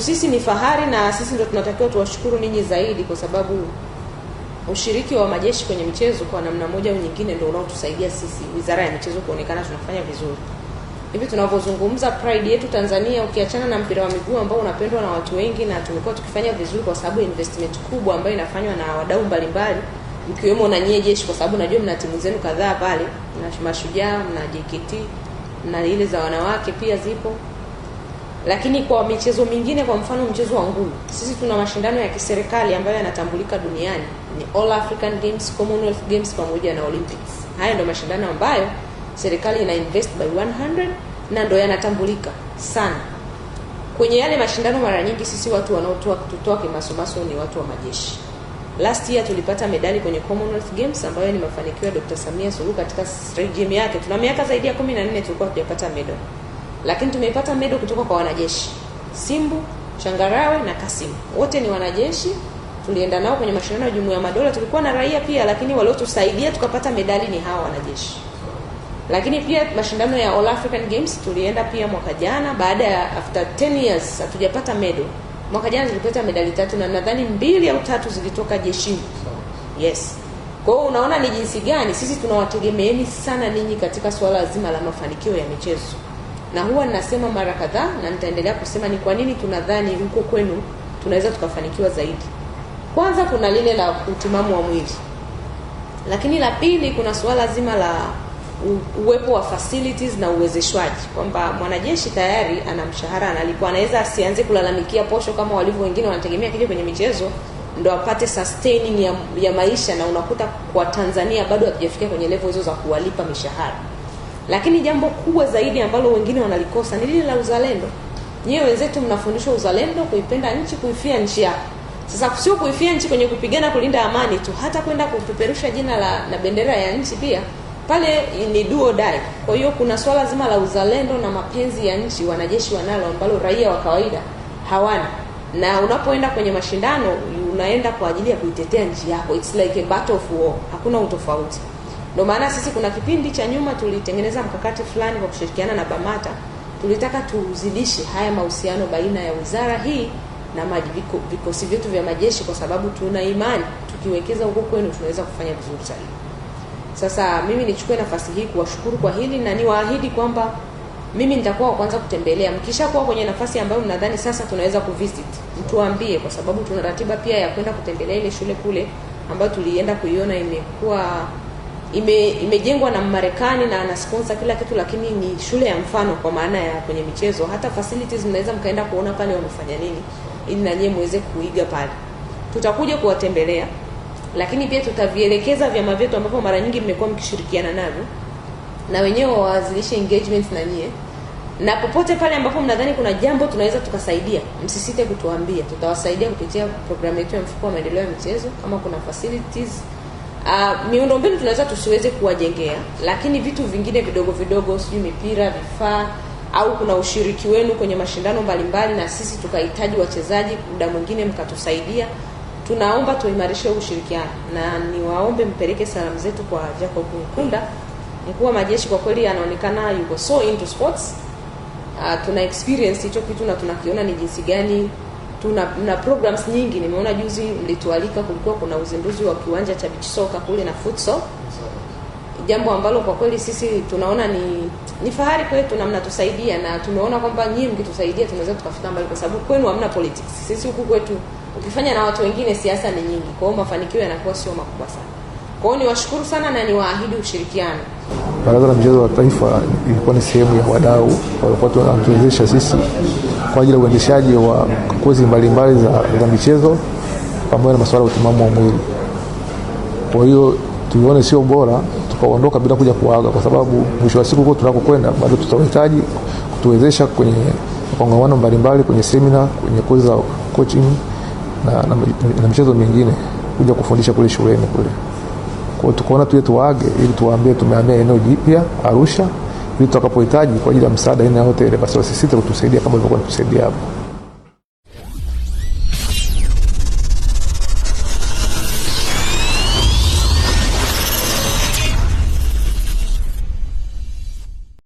sisi ni fahari na sisi ndo tunatakiwa tuwashukuru ninyi zaidi, kwa sababu ushiriki wa majeshi kwenye michezo kwa namna moja au nyingine ndio unaotusaidia sisi wizara ya michezo kuonekana tunafanya vizuri. Hivi tunavyozungumza, pride yetu Tanzania, ukiachana na mpira wa miguu ambao unapendwa na watu wengi na tumekuwa tukifanya vizuri kwa sababu investment kubwa ambayo inafanywa na wadau mbalimbali mkiwemo na nyie jeshi, kwa sababu najua mna timu zenu kadhaa pale, mna mashujaa, mna JKT, na ile za wanawake pia zipo lakini kwa michezo mingine, kwa mfano mchezo wa ngumi, sisi tuna mashindano ya kiserikali ambayo yanatambulika duniani, ni All African Games, Commonwealth Games pamoja na Olympics. Haya ndo mashindano ambayo serikali ina invest by 100 na ndo yanatambulika sana. Kwenye yale mashindano, mara nyingi sisi watu wanaotoa kutoa kimasomaso ni watu wa majeshi. Last year tulipata medali kwenye Commonwealth Games ambayo ni mafanikio ya Dr. Samia Suluhu katika strategyem yake. Tuna miaka zaidi ya 14 tulikuwa tujapata medali lakini tumepata medo kutoka kwa wanajeshi Simbu, Changarawe na Kasimu, wote ni wanajeshi. Tulienda nao kwenye mashindano ya Jumuiya ya Madola, tulikuwa na raia pia, lakini waliotusaidia tukapata medali ni hawa wanajeshi. Lakini pia mashindano ya All African Games tulienda pia mwaka jana, baada ya after 10 years hatujapata medo Mwaka jana tulipata medali tatu na nadhani mbili au tatu zilitoka jeshini. Yes. Kwa hiyo unaona ni jinsi gani sisi tunawategemeeni sana ninyi katika swala zima la mafanikio ya michezo na huwa ninasema mara kadhaa na nitaendelea kusema ni kwa nini tunadhani huko kwenu tunaweza tukafanikiwa zaidi. Kwanza kuna lile la utimamu wa mwili, lakini la pili kuna suala zima la uwepo wa facilities na uwezeshwaji, kwamba mwanajeshi tayari ana mshahara analipwa, anaweza asianze kulalamikia posho kama walivyo wengine wanategemea kile kwenye michezo ndo apate sustaining ya, ya maisha, na unakuta kwa Tanzania bado hatujafikia kwenye level hizo za kuwalipa mishahara lakini jambo kubwa zaidi ambalo wengine wanalikosa ni lile la uzalendo. Nyewe wenzetu mnafundishwa uzalendo, kuipenda nchi, kuifia nchi yako. Sasa sio kuifia nchi kwenye kupigana kulinda amani tu, hata kwenda kupeperusha jina la na bendera ya nchi pia pale ni duo dai. Kwa hiyo kuna swala zima la uzalendo na mapenzi ya nchi wanajeshi wanalo, ambalo raia wa kawaida hawana, na unapoenda kwenye mashindano unaenda kwa ajili ya kuitetea nchi yako. It's like a battle of war, hakuna utofauti. Ndio maana sisi kuna kipindi cha nyuma tulitengeneza mkakati fulani kwa kushirikiana na BAMATA, tulitaka tuzidishe haya mahusiano baina ya wizara hii na vikosi vyetu vya majeshi, kwa sababu tuna imani tukiwekeza huko kwenu tunaweza kufanya vizuri zaidi. Sasa mimi nichukue nafasi hii kuwashukuru kwa hili na niwaahidi kwamba mimi nitakuwa wa kwanza kutembelea. Mkishakuwa kwenye nafasi ambayo mnadhani sasa tunaweza kuvisit, mtuambie, kwa sababu tuna ratiba pia ya kwenda kutembelea ile shule kule ambayo tulienda kuiona imekuwa ime, imejengwa na Marekani na anasponsor kila kitu, lakini ni shule ya mfano kwa maana ya kwenye michezo. Hata facilities mnaweza mkaenda kuona pale wamefanya nini, ili na nyie muweze kuiga pale. Tutakuja kuwatembelea, lakini pia tutavielekeza vyama vyetu ambavyo mara nyingi mmekuwa mkishirikiana navyo, na wenyewe wawazilishe engagement na nyie, na popote pale ambapo mnadhani kuna jambo tunaweza tukasaidia, msisite kutuambia, tutawasaidia kupitia programu yetu ya mfuko wa maendeleo ya michezo, kama kuna facilities Uh, ah, mbinu tunaweza tusiweze kuwajengea, lakini vitu vingine vidogo vidogo, sijui mipira, vifaa au kuna ushiriki wenu kwenye mashindano mbalimbali, na sisi tukahitaji wachezaji, muda mwingine mkatusaidia, tunaomba tuimarishe ushirikiano, na niwaombe mpeleke salamu zetu kwa Jacob Mkunda, mkuu wa majeshi. Kwa kweli anaonekana yuko so into sports. Uh, tuna experience hicho kitu na tunakiona ni jinsi gani tuna na programs nyingi. Nimeona juzi mlitualika, kulikuwa kuna uzinduzi wa kiwanja cha beach soka kule na futsal, jambo ambalo kwa kweli sisi tunaona ni ni fahari kwetu na mnatusaidia, na tumeona kwamba nyinyi mkitusaidia tunaweza tukafika mbali, kwa sababu kwenu hamna politics. Sisi huku kwetu ukifanya na watu wengine, siasa ni nyingi, kwa hiyo mafanikio yanakuwa sio makubwa sana. Kwa hiyo niwashukuru sana na niwaahidi ushirikiano. Baraza la mchezo wa Taifa ilikuwa ni sehemu ya wadau walikuwa wanatuwezesha sisi kwa ajili ya uendeshaji wa kozi mbalimbali za, za michezo pamoja na masuala ya utimamu wa mwili. Kwa hiyo tuione sio bora tukaondoka bila kuja kuaga, kwa sababu mwisho wa siku huko tunakokwenda bado tutahitaji kutuwezesha kwenye kongamano mbalimbali, kwenye semina, kwenye kozi za coaching na, na, na michezo mingine kuja kufundisha kule shuleni kule. Kwa hiyo tukaona tuje tuage ili tuwaambie tumehamia eneo jipya Arusha vitu tutakapohitaji kwa ajili ya msaada aina yote ile, basi wasisite kutusaidia kama walivyokuwa wanatusaidia hapo.